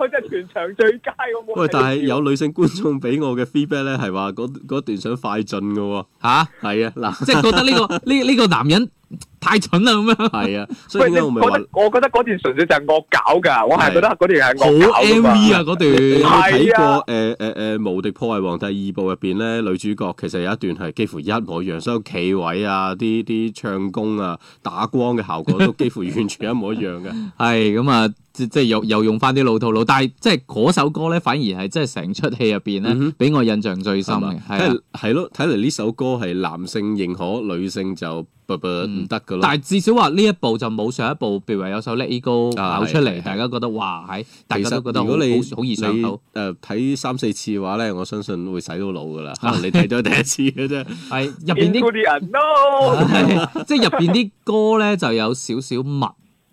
我真係全場最佳。喂，但係有女性觀眾俾我嘅 feedback 咧，係話嗰嗰段想快進嘅喎，嚇，係啊，嗱，即係覺得呢、呢個呢呢、呢個呢個男人。太蠢啦，咁樣係啊，所以我唔係話，我覺得嗰段純粹就係惡搞噶，我係覺得嗰段係好 M V 啊，嗰段，你睇過誒誒誒，《無敵破壞王》第二部入邊咧，女主角其實有一段係幾乎一模一樣，所有企位啊，啲啲唱功啊，打光嘅效果都幾乎完全一模一樣嘅。係咁啊，即係又又用翻啲老套路，但係即係嗰首歌咧，反而係真係成出戲入邊咧，俾我印象最深嘅係係咯，睇嚟，呢首歌係男性認可，女性就。唔得噶咯，但係至少話呢一部就冇上一部，譬如話有首 Let It Go 搞出嚟。啊、大家覺得哇喺大家其實 都覺得如果你好易上到。誒睇三四次嘅話咧，我相信會洗到腦噶啦。啊、可能你睇咗第一次嘅啫，係入邊啲人咯，即係入邊啲歌咧就有少少密。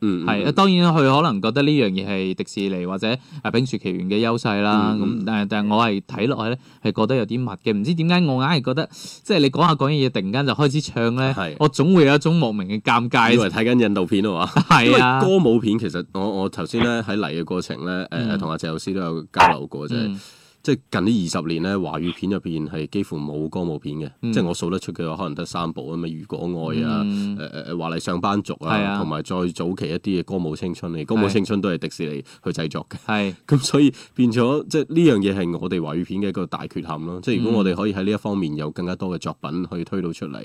嗯，係、嗯、啊，當然佢可能覺得呢樣嘢係迪士尼或者啊《冰雪奇緣》嘅優勢啦，咁誒、嗯，嗯、但係我係睇落去咧係覺得有啲密嘅，唔知點解我硬係覺得，即、就、係、係、你講下講嘢，突然間就開始唱咧，係我總會有一種莫名嘅尷尬。你以為睇緊印度片啊嘛，係啊，歌舞片其實我我頭先咧喺嚟嘅過程咧，誒同阿謝老師都有交流過啫。嗯嗯。即係近呢二十年咧，華語片入邊係幾乎冇歌舞片嘅。嗯、即係我數得出佢可能得三部啊，咩《如果愛》啊，誒誒《華麗上班族》啊，同埋、啊、再早期一啲嘅歌舞青春嚟，歌舞青春都係迪士尼去製作嘅。咁是， 嗯、所以變咗即係呢樣嘢係我哋華語片嘅一個大缺陷咯。即係如果我哋可以喺呢一方面有更加多嘅作品去推到出嚟，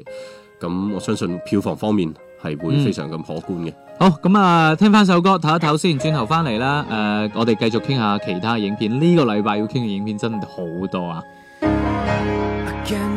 咁、嗯、我相信票房方面。係會非常咁可觀嘅。嗯、好，咁啊，聽翻首歌，唞一唞先，轉頭翻嚟啦。誒、呃，我哋繼續傾下其他影片。呢、這個禮拜要傾嘅影片真係好多啊！Again,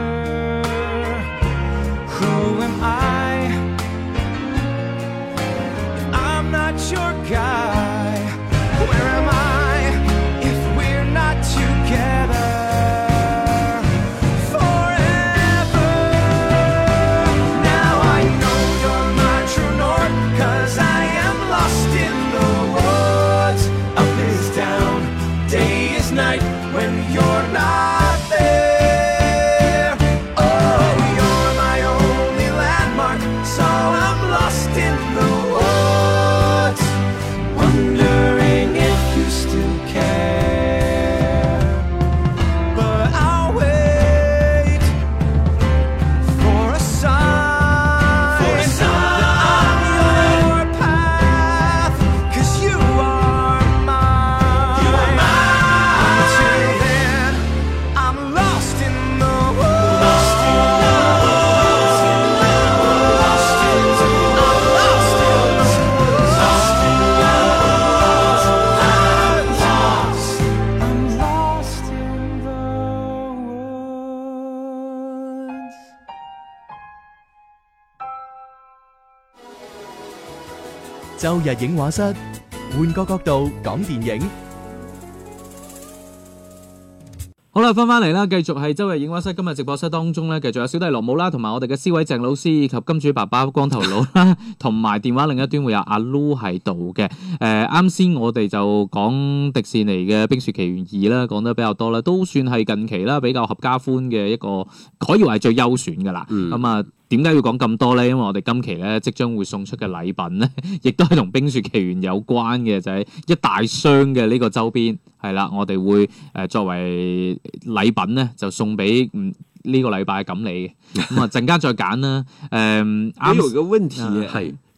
周日影畫室，換個角度講電影。好啦，翻翻嚟啦，繼續係周日影畫室。今日直播室當中咧，繼續有小弟羅姆啦，同埋我哋嘅 C 位鄭老師，以及金主爸爸光頭佬啦，同埋電話另一端會有阿 Lo 喺度嘅。誒，啱先我哋就講迪士尼嘅《冰雪奇緣二》啦，講得比較多啦，都算係近期啦比較合家歡嘅一個，可以話係最優選噶啦。咁啊。點解要講咁多咧？因為我哋今期咧即將會送出嘅禮品咧，亦都係同《冰雪奇緣》有關嘅，就係、是、一大箱嘅呢個周邊，係啦，我哋會誒作為禮品咧，就送俾呢個禮拜嘅錦鯉、 嗯、你咁啊陣間再揀啦。誒，我有一個問題問、啊嗯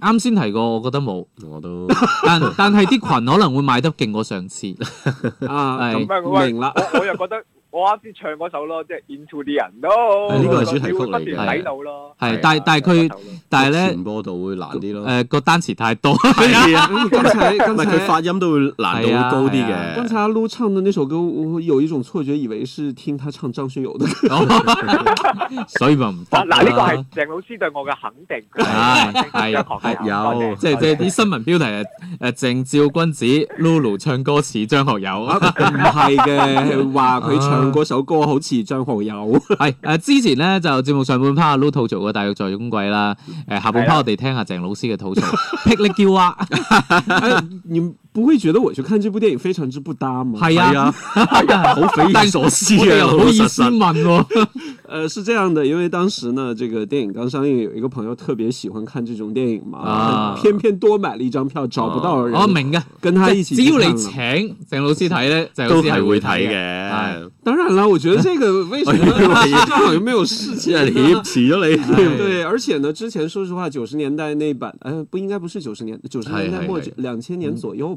啱先提過，我覺得冇，我都， 但但係啲裙可能會買得勁過上次， 啊， 嗯嗯、明啦，我我又覺得。我啱先唱嗰首咯，即係演出啲人咯，呢個係主題曲嚟嘅，睇到咯。係，但係但係佢，但係咧，傳播度會難啲咯。誒個單詞太多，係啊，唔係佢發音都會難度會高啲嘅。剛才阿 Lu 唱的那首歌，我有一種錯覺，以為是聽他唱張學友的。所以就唔得。嗱，呢個係鄭老師對我嘅肯定。係係有，即係即係啲新聞標題誒，鄭照君子 Lu Lu 唱歌似張學友，唔係嘅話佢唱。佢嗰首歌好似張學友 。係、呃、誒之前咧就節目上半 part 攞吐槽嘅，大約在冬季啦。誒、呃、下半 part 我哋聽下鄭老師嘅吐槽。 霹靂叫啊！ 不會覺得我去看這部電影非常之不搭嗎？是呀、啊，好匪夷所思啊！ okay, 好伊斯文哦，呃， 是這樣的，因為當時呢，這個電影剛上映，有一個朋友特別喜歡看這種電影嘛，啊、偏偏多買了一張票，找不到人。我、啊啊、明嘅，跟他一起。只要你請鄭老師睇咧，就係會睇嘅、嗯哎。當然啦，我覺得這個為什麼呢？因為剛好像沒有事情、啊。了你遲咗你。對，而且呢，之前說實話，九十年代那版，呃，不應該不是九十年，九十年代末兩千年左右。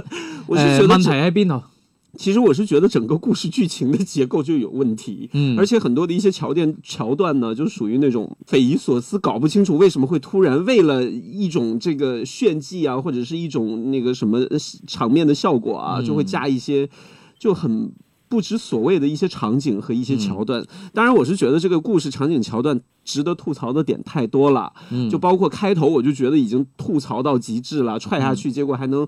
我是覺得，其實我是覺得整個故事劇情的結構就有問題，嗯，而且很多的一些橋段，橋段呢，就屬於那種匪夷所思，搞不清楚為什麼會突然為了一種這個炫技啊，或者是一種那個什麼場面的效果啊，嗯、就會加一些就很不知所謂的一些場景和一些橋段。嗯、當然，我是覺得這個故事場景橋段值得吐槽的點太多了，嗯、就包括開頭我就覺得已經吐槽到極致了，踹下去、嗯、結果還能。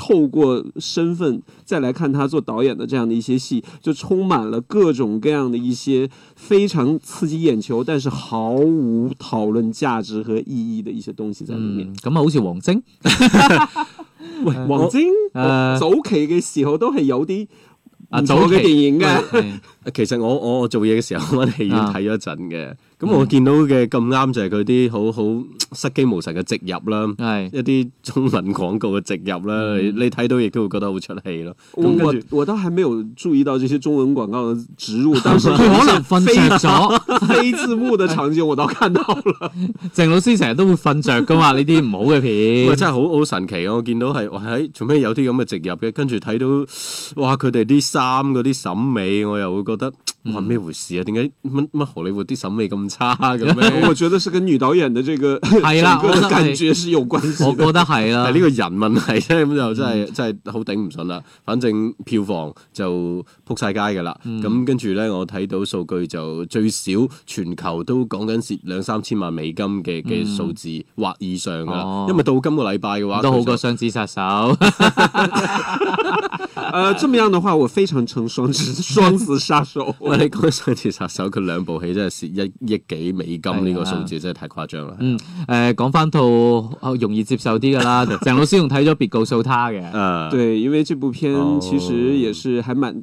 透過身份再來看他做導演的這樣的一些戲，就充滿了各種各樣的一些非常刺激眼球，但是毫無討論價值和意義的一些東西在裏面。咁啊、嗯，好似王晶， 喂王晶、呃、早期嘅時候都係有啲唔錯嘅電影嘅。啊、 其實我我做嘢嘅時候，我哋已經睇咗一陣嘅。啊。咁、嗯嗯、我見到嘅咁啱就係佢啲好好失驚無神嘅植入啦，是一啲中文廣告嘅植入啦，嗯、你睇到亦都會覺得好出戲啦。我我我都還沒有注意到呢啲中文廣告嘅植入，但係佢可能瞓著飛字幕嘅場景我都看到了。 鄭老師成日都會瞓着噶嘛？呢啲唔好嘅片，喂，真係好好神奇啊！我見到係，哇、哎！喺做咩有啲咁嘅植入嘅？跟住睇到，哇！佢哋啲衫嗰啲審美，我又會覺得，哇！咩回事啊？點解乜乜荷里活啲審美咁？差咁樣，我覺得是跟女導演嘅呢個係啦，感覺是有關係。我覺得係啦，係呢個人問題，真係咁就真係真係好頂唔順啦。反正票房就撲晒街噶啦。咁跟住咧，我睇到數據就最少全球都講緊蝕兩三千萬美金嘅嘅數字或以上啦。因為到今個禮拜嘅話都好過《雙子殺手》。咁樣嘅話，我非常撐《雙子雙子殺手》。你講《雙子殺手》佢兩部戲真係蝕一一，幾美金呢個數字、啊、真係太誇張啦。嗯，誒、呃，講返套容易接受啲㗎啦，鄭 老師仲睇咗別告訴他嘅。啊、嗯，對，因為這部片其實也是還蠻。哦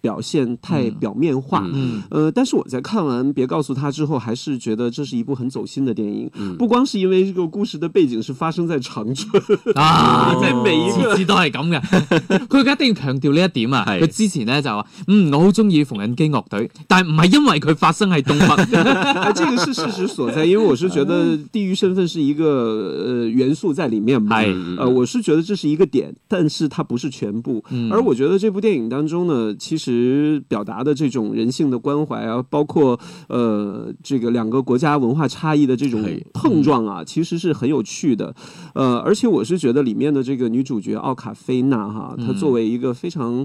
表現太表面化，嗯，呃，但是我在看完《別告訴他》之後，還是覺得這是一部很走心的電影。嗯，不光是因為這個故事的背景是發生在長春啊，在、 啊、每一個每次都係咁嘅，佢 而家，一定要強調呢一點啊。佢之前呢，就話，嗯，我好中意縫紉機樂隊，但係唔係因為佢發生喺東北，這個是事實所在。因為我是覺得地域身份是一個呃元素在裏面嘛、嗯，呃，我是覺得這是一個點，但是它不是全部。嗯、而我覺得這部電影當中呢，其實。其實表達的這種人性的關懷啊，包括，呃，這個兩個國家文化差異的這種碰撞啊，其實是很有趣的。呃，而且我是覺得裏面的這個女主角奧卡菲娜哈、啊，她作為一個非常。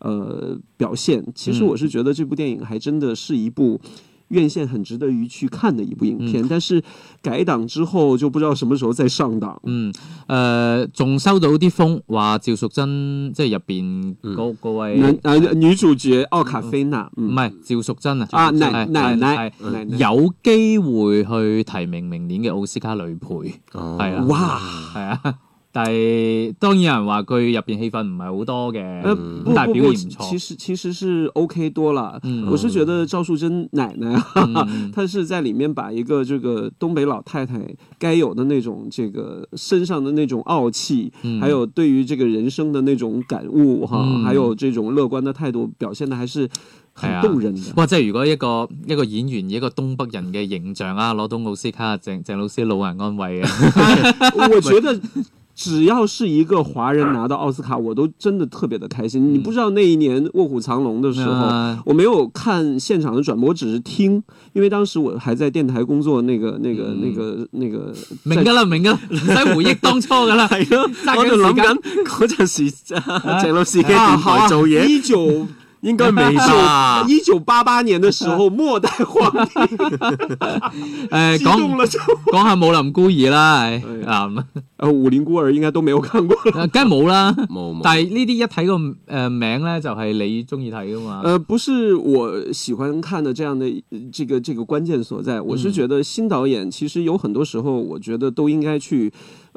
呃，表現，其實我是覺得這部電影還真的是一部院線很值得於去看的一部影片，um. 但是改檔之後就不知道什麼時候再上檔。嗯，誒、呃，仲收到啲風話趙淑珍，即係入邊嗰位 女、呃、女主角奧卡菲娜唔係趙淑珍啊，啊奶奶，係有機會去提名明年嘅奧斯卡女配，係啊， 哇，係啊。 但係當然有人話佢入邊氣氛唔係好多嘅，嗯、但係表現唔錯。其實其實是 O、OK、K 多了。嗯、我是覺得趙淑貞奶奶，嗯、她是在裏面把一個這個東北老太太該有的那種這個身上的那種傲氣，嗯、還有對於這個人生的那種感悟哈，嗯、還有這種樂觀的態度，表現得還是很動人的。嗯嗯啊、哇！即係如果一個一個演員以一個東北人嘅形象啊，攞到奧斯卡鄭鄭老師老人安慰嘅，啊。 我覺得。 只要是一個華人拿到奧斯卡，我都真的特別的開心。你不知道那一年《臥虎藏龍》的時候，我沒有看現場的轉播，我只是聽，因為當時我還在電台工作。那個、那個、那個、那個。明噶啦，明噶，再回憶當初噶啦。我喺度諗緊嗰陣時，鄭老師喺電台做嘢。依舊。應該未啦，一九八八年的時候， 末代皇帝。誒，講講下武林孤兒啦，哎、呀 啊！武林孤兒應該都沒有看過，梗係冇啦，冇冇。但係呢啲一睇個誒名咧，就係你中意睇噶嘛。誒、呃，不是我喜歡看嘅，這樣嘅、這個。這個這個關鍵所在，我是覺得新導演其實有很多時候，我覺得都應該去。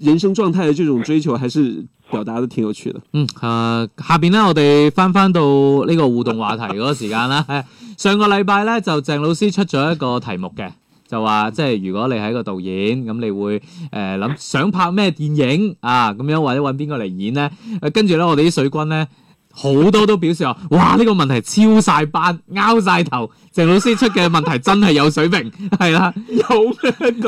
人生狀態嘅這種追求，還是表達得挺有趣嘅。嗯，呃、下邊咧，我哋翻翻到呢個互動話題嗰個時間啦。 上個禮拜咧，就鄭老師出咗一個題目嘅，就話即係如果你係一個導演，咁你會誒諗、呃、想拍咩電影啊？咁樣或者揾邊個嚟演咧？跟住咧，我哋啲水軍咧好多都表示話：哇，呢、這個問題超晒班，拗晒頭。鄭 老師出嘅問題真係有水平，係啦，有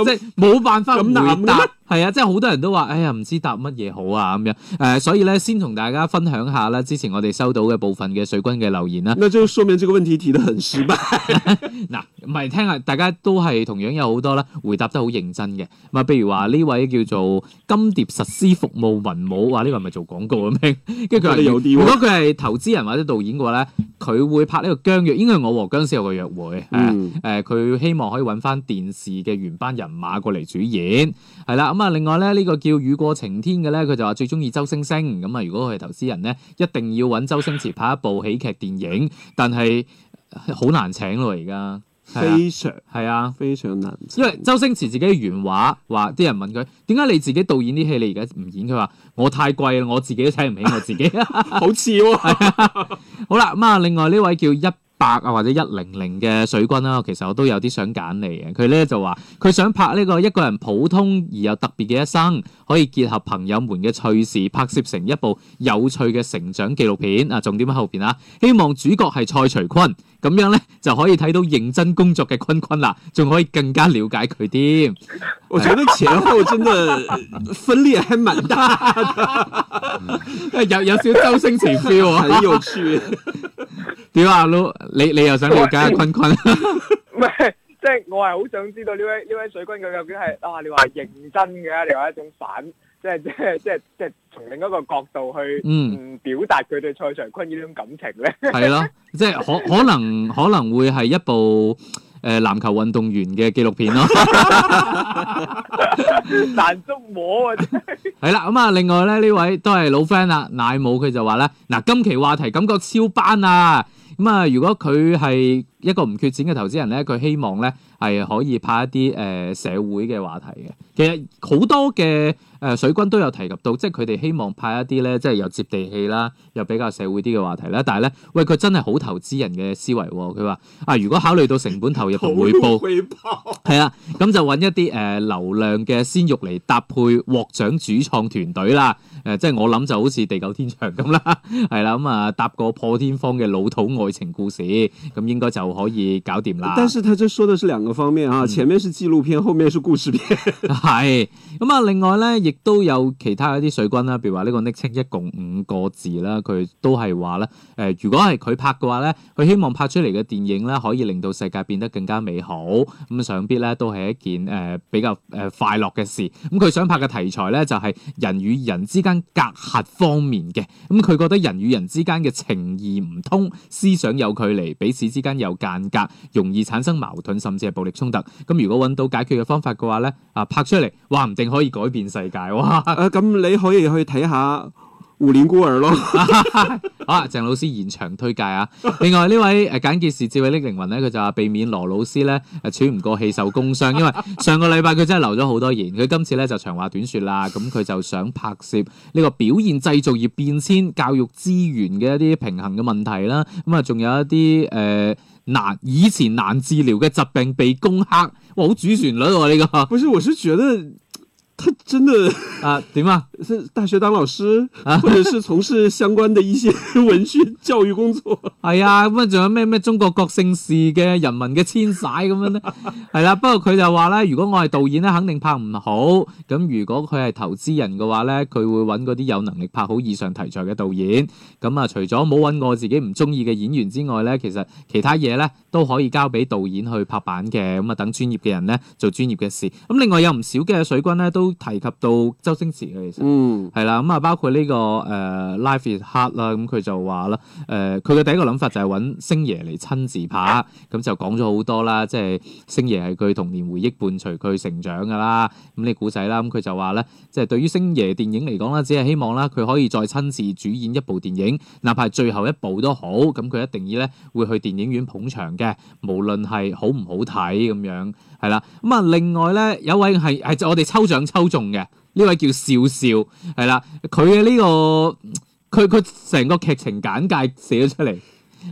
即係冇辦法咁難答。 係啊，即係好多人都話：哎呀，唔知答乜嘢好啊咁樣。誒、呃，所以咧，先同大家分享下啦，之前我哋收到嘅部分嘅水軍嘅留言啦。嗱，咁就說明呢個問題提得很失敗。嗱，唔係聽下，大家都係同樣有好多啦，回答得好認真嘅。咁啊，譬如話呢位叫做金蝶實施服務文武，話呢、這個係咪做廣告咁樣？跟住佢話：嗯、如果佢係投資人或者導演嘅話咧，佢會拍呢個僵約，應該係我和僵屍有個約會。誒、呃，佢、嗯呃、希望可以揾翻電視嘅原班人馬過嚟主演。係啦。嗯嗯嗯咁啊，另外咧，呢、這個叫雨過晴天嘅咧，佢就話最中意周星星。咁啊，如果佢係投資人咧，一定要揾周星馳拍一部喜劇電影，但係好難請咯，而家，非常，係啊，非常難請。因為周星馳自己原話話，啲人問佢，點解你自己導演啲戲，你而家唔演？佢話我太貴啦，我自己都睇唔起我自己。 好似像喎、哦，係啊。好啦，咁啊，另外呢位叫一百啊或者一零零嘅水軍啦，其實我都有啲想揀你嘅。佢咧就話佢想拍呢個一個人普通而又特別嘅一生，可以結合朋友們嘅趣事拍攝成一部有趣嘅成長紀錄片啊！重點喺後邊啊，希望主角係蔡徐坤，咁樣咧就可以睇到認真工作嘅坤坤啦，仲可以更加了解佢啲。我覺得前後真係分裂係蠻 有有少周星馳 feel， 很有趣。屌啊，老你你又想了解坤坤？唔係，即係我係好想知道呢位呢位水軍佢究竟係啊？你話認真嘅，你話一種反，即係即係即係即係從另一個角度去嗯表達佢對蔡祥坤呢種感情咧？係咯，即係可可能可能會係一部誒籃球運動員嘅紀錄片咯。難捉摸啊！係啦，咁啊，另外咧呢位都係老 friend 啦，奶母佢就話咧嗱，今期話題感覺超班啊！咁啊，如果佢係一個唔缺錢嘅投資人咧，佢希望咧係可以派一啲誒、呃、社會嘅話題嘅。其實好多嘅誒、呃、水軍都有提及到，即係佢哋希望派一啲咧，即係又接地氣啦，又比較社會啲嘅話題啦。但係咧，喂，佢真係好投資人嘅思維喎、哦。佢話啊，如果考慮到成本投入同回報，係 啊，咁就揾一啲誒、呃、流量嘅鮮肉嚟搭配獲獎主創團隊啦。誒、呃，即係我諗就好似地久天長咁啦，係、嗯、啦，咁啊，搭個破天荒嘅老土愛情故事，咁應該就可以搞掂啦。但是佢即係說嘅係兩個方面啊，嗯、前面是紀錄片，後面是故事片。係，咁、嗯、啊，另外咧，亦都有其他一啲水軍啦，譬如話呢個昵稱一共五個字啦，佢、啊、都係話咧，誒、呃、如果係佢拍嘅話咧，佢希望拍出嚟嘅電影咧，可以令到世界變得更加美好，咁、嗯、想必咧都係一件誒、呃、比較誒、呃、快樂嘅事。咁、嗯、佢想拍嘅題材咧，就係、是、人與人之間。隔閡方面嘅，咁，佢覺得人與人之間嘅情義唔通，思想有距離，彼此之間有間隔，容易產生矛盾，甚至係暴力衝突。咁如果揾到解決嘅方法嘅話咧，啊拍出嚟，話唔定可以改變世界哇！咁、啊、你可以去睇下。互聯孤兒咯， 好啦、啊，鄭老師現場推介啊。另外呢位誒簡潔是智慧的靈魂咧，佢就話避免羅老師咧誒喘唔過氣受工傷，因為上個禮拜佢真係流咗好多言。佢今次咧就長話短說啦，咁佢就想拍攝呢個表現製造業變遷、教育資源嘅一啲平衡嘅問題啦。咁啊，仲有一啲誒、呃、難以前難治療嘅疾病被攻克，哇，好主旋律喎、啊、呢、這個。不是，我是覺得。佢真係啊，點啊，大學當老師啊，或者是從事相關的一些文學教育工作。係 啊，咁啊仲有咩咩中國國姓氏嘅人民嘅遷徙咁樣咧，係啦、 啊。不過佢就話咧，如果我係導演咧，肯定拍唔好。咁如果佢係投資人嘅話咧，佢會揾嗰啲有能力拍好以上題材嘅導演。咁啊，除咗冇揾我自己唔中意嘅演員之外咧，其實其他嘢咧都可以交俾導演去拍板嘅。咁啊，等專業嘅人咧做專業嘅事。咁另外有唔少嘅水軍咧都。都提及到周星馳嘅其實，係啦咁啊，包括呢、這個誒、呃、Life is Hard 啦、嗯，咁佢就話啦，誒佢嘅第一個諗法就係揾星爺嚟親自拍，咁、嗯、就講咗好多啦，即係星爺係佢童年回憶伴隨佢成長噶啦，咁、嗯、呢、故仔啦，咁、嗯、佢就話咧，即、就、係、是、對於星爺電影嚟講啦，只係希望啦，佢可以再親自主演一部電影，哪怕係最後一部都好，咁、嗯、佢一定要咧會去電影院捧場嘅，無論係好唔好睇咁樣。係啦，咁啊，另外咧有位係係我哋抽獎抽中嘅，呢位叫笑笑，係啦，佢嘅呢個佢佢成個劇情簡介寫咗出嚟，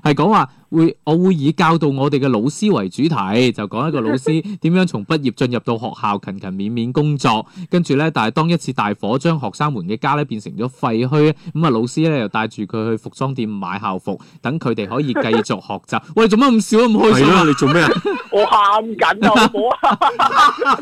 係講話。會我會以教導我哋嘅老師為主題，就講一個老師點樣從畢業進入到學校勤勤勉勉工作，跟住咧，但係當一次大火將學生們嘅家咧變成咗廢墟，咁啊老師咧又帶住佢去服裝店買校服，等佢哋可以繼續學習。喂，做乜咁笑得咁開心？係你做咩啊？我喊緊啊！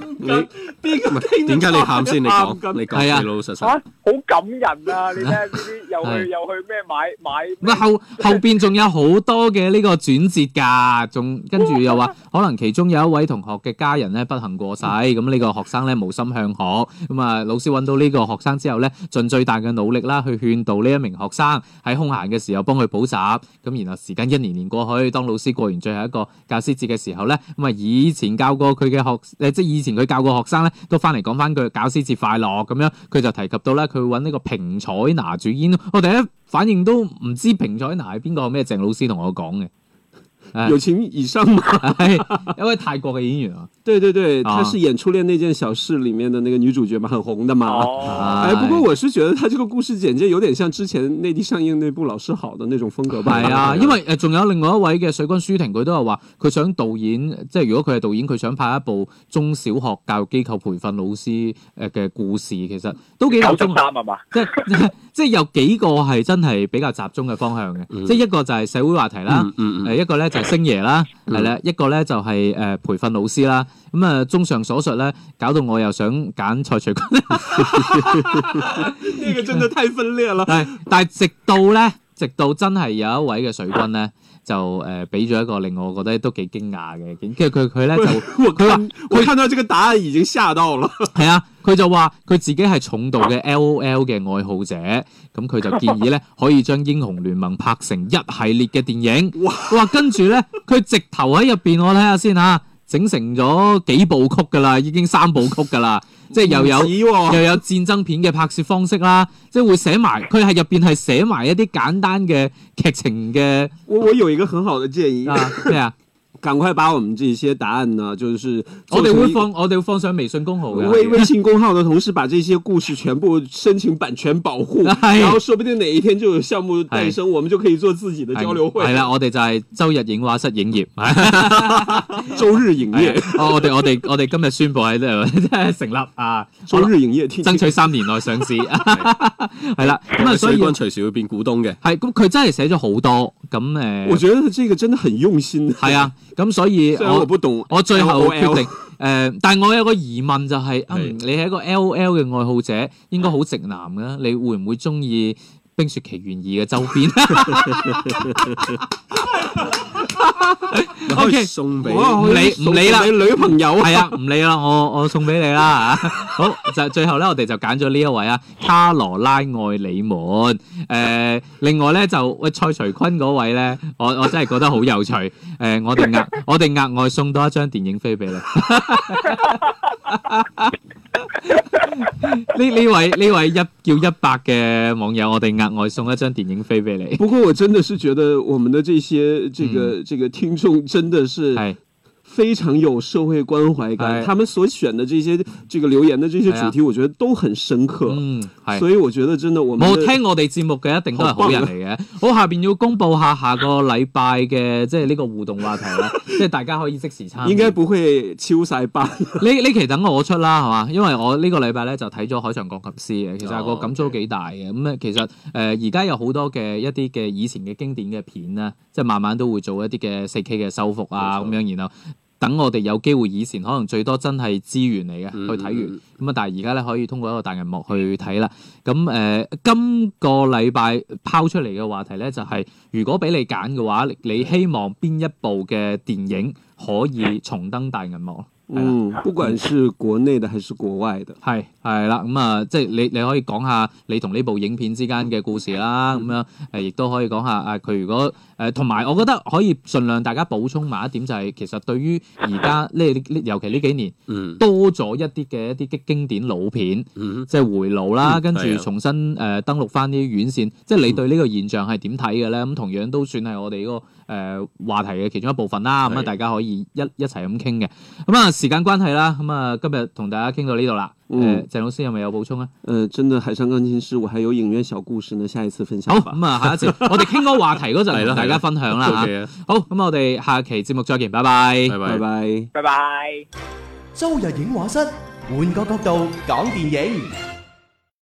我點解你喊先？你講，你講，啊，老老實實。好感人啊！你睇啲又去又去咩買買？唔係後後邊仲有好多嘅。呢個轉折㗎，仲跟住又話，可能其中有一位同學嘅家人咧不幸過世，咁、這、呢個學生咧冇心向學，咁啊老師揾到呢個學生之後咧，盡最大嘅努力啦，去勸導呢一名學生喺空閒嘅時候幫佢補習，咁然後時間一年年過去，當老師過完最後一個教師節嘅時候咧，咁啊以前教過佢嘅學，誒即係以前佢教過學生咧，都翻嚟講翻句教師節快樂咁樣，佢就提及到咧，佢揾呢個平彩拿煮煙，我第一反應都唔知平彩拿係邊個，咩鄭老師同我講嘅。友情以上嘛，一位泰國嘅演員啊，對對對，佢係演《初戀那件小事》裏面的那個女主角嘛，很紅的嘛。不過我是覺得這個故事簡介有點像之前內地上映那部《老師好》的那種風格吧。係啊，因為仲有另外一位嘅水軍舒婷，佢都係話佢想導演，即係如果佢係導演，佢想拍一部中小學教育機構培訓老師誒嘅故事，其實都幾集中。三嘛，即係有幾個係真係比較集中嘅方向嘅，即係一個就係社會話題啦，一個咧就。星爺啦，係啦，一個咧就係、是、誒、呃、培訓老師啦。咁、嗯、啊，綜、呃、上所述咧，搞到我又想揀蔡徐坤。呢個真係太分裂啦。係，但係直到咧，直到真係有一位嘅水軍咧。就誒俾咗一個令我覺得都幾驚訝嘅，跟住佢佢咧就佢話：佢看到這個答案已經嚇到了。係 啊，佢就話佢自己係重度嘅 L O L 嘅愛好者，咁佢就建議咧可以將英雄聯盟拍成一系列嘅電影。哇，哇！跟住咧佢直頭喺入邊，我睇下先嚇、啊，整成咗幾部曲噶啦，已經三部曲噶啦。 即係又有又有戰爭片嘅拍攝方式啦，即係會寫埋佢係入邊係寫埋一啲簡單嘅劇情嘅。我我有一個很好的建議 啊，咩啊？趕快把我們這些答案呢，就是我哋會放，我哋會放上微信公號嘅，是微信公號的同時，把這些故事全部申請版權保護，是然後說不定哪一天就有項目誕生，是我們就可以做自己的交流會。係啦，我哋就係周日影畫室影業， 周日影營業，哦， 我哋我哋我哋今日宣布喺呢，即 係成立啊，周日營業，啊、爭取三年內上市。係 啦的，咁啊， 水軍隨時會變股東嘅，係咁，佢真係寫咗好多，咁誒，我覺得呢個真的很用心，係啊。咁所以我最後決定誒、呃，但係我有個疑問、就係，就係是的、嗯，你係一個 L O L 嘅愛好者，應該好直男嘅，你會唔會中意《冰雪奇緣二》嘅周邊？ o Okay , K，送俾你。唔理啦，理你女朋友係啊，唔理啦，我我送俾你啦， 好，就最後咧，我哋就揀咗呢一位啊，卡羅拉愛你們。誒、呃，另外咧就喂蔡徐坤嗰位咧，我我真係覺得好有趣。誒、呃，我哋我哋額外送多一張電影飛俾你。 呢 位呢位一叫一百嘅網友，我哋額外送一張電影飛俾你。不過我真的是覺得，我們的這些這個、嗯、這個聽眾，真的是。是非常有社會關懷感，佢哋所選嘅呢啲呢個留言嘅呢啲主題，我覺得都很深刻。嗯，所以，我覺得真係，我冇聽我哋節目嘅一定都係好人嚟嘅。好，下邊要公佈下下個禮拜嘅即係呢個互動話題啦，即係大家可以即時參與。應該唔會超曬班。呢呢期等我出啦，係嘛？因為我呢個禮拜咧就睇咗《海上鋼琴師》嘅，其實個感觸都幾大嘅。咁咧，其實誒而家有好多嘅一啲嘅以前嘅經典嘅片咧，即係慢慢都會做一啲嘅四 K 嘅修復啊咁樣，然後。等我哋有機會以前可能最多真係資源嚟嘅、mm hmm. 去睇完，咁啊但係而家咧可以通過一個大銀幕去睇啦。咁誒、呃、今個禮拜拋出嚟嘅話題咧、就是，就係如果俾你揀嘅話，你希望邊一部嘅電影可以重登大銀幕？嗯，不管是國內的還是國外的，係係啦，咁啊、嗯，即係你你可以講下你同呢部影片之間嘅故事啦，咁、嗯、樣，誒，亦都可以講下啊，佢如果誒，同、呃、埋我覺得可以盡量大家補充埋一,一點、就是，就係其實對於而家呢，尤其呢幾年，嗯、多咗一啲嘅一啲經典老片，即係、嗯、回爐啦，嗯、跟住重新誒、嗯呃、登陸翻啲院線，嗯嗯、即係你對呢個現象係點睇嘅咧？咁同樣都算係我哋呢個。誒、呃、話題嘅其中一部分啦，咁啊大家可以一一齊咁傾嘅。咁、嗯、啊時間關係啦，咁啊今日同大家傾到呢度啦。誒、呃、鄭老師有冇有補充啊？誒、嗯，真係海上鋼琴師，我還有影院小故事呢，下一次分享。好，咁啊、嗯，下一次我哋傾嗰個話題嗰陣，大家分享啦嚇。啊 okay 啊、好，咁我哋下期節目再見，拜拜，拜拜，拜拜。Bye bye bye bye bye bye. 周日影畫室，換個角度講電影。